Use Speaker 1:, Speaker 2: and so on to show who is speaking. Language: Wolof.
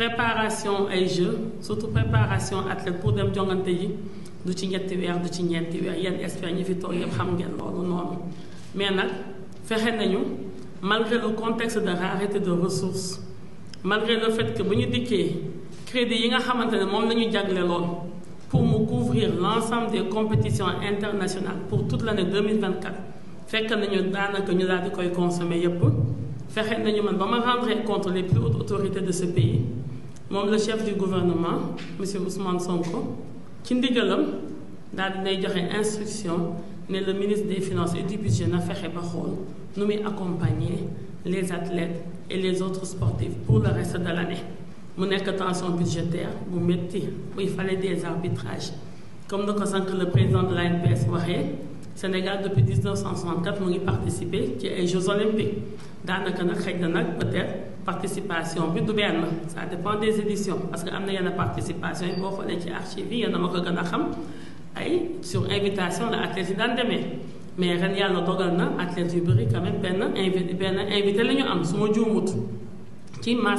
Speaker 1: préparation ay jeux surtout préparation athlète pour dem jongante yi du ci ñetti weer du ci ñenti weer yenn espagne ñi fi tok yëpp xam ngeen loolu non mais nak fexé nañu malgré le contexte de rareté de ressources malgré le fait que buñu dikké crédit yi nga xamanté mom lañu la lool pour mu couvrir l'ensemble des compétitions internationales pour toute l'année 2024 fekk nañu danaka ñu daal di koy consommer yépp je nañu man rendre compte les plus hautes autorités de ce pays moom le chef du gouvernement M. Ousmane Sonko ci ndigalam daal dinay joxe instruction mais le ministre des finances et du budget na fait ba xool Nous muy accompagner les athlètes et les autres sportifs pour le reste de l'année mu nekk tension budgétaire bu où il fallait des arbitrages comme nous ko que le président de la NPS, Sénégal depuis 1964 nous ngi participer ci les Jeux olympiques Dans nag xëj na peut-être participation bi du ça dépend des éditions parce que y na yenn participation il faut xoolee ci archives yi yéen a ma ko xam ay sur invitation la athlètes yi mais il mais a yàlla dogal na athlètes du bëri quand même benn invi invité la ñu am su ma ci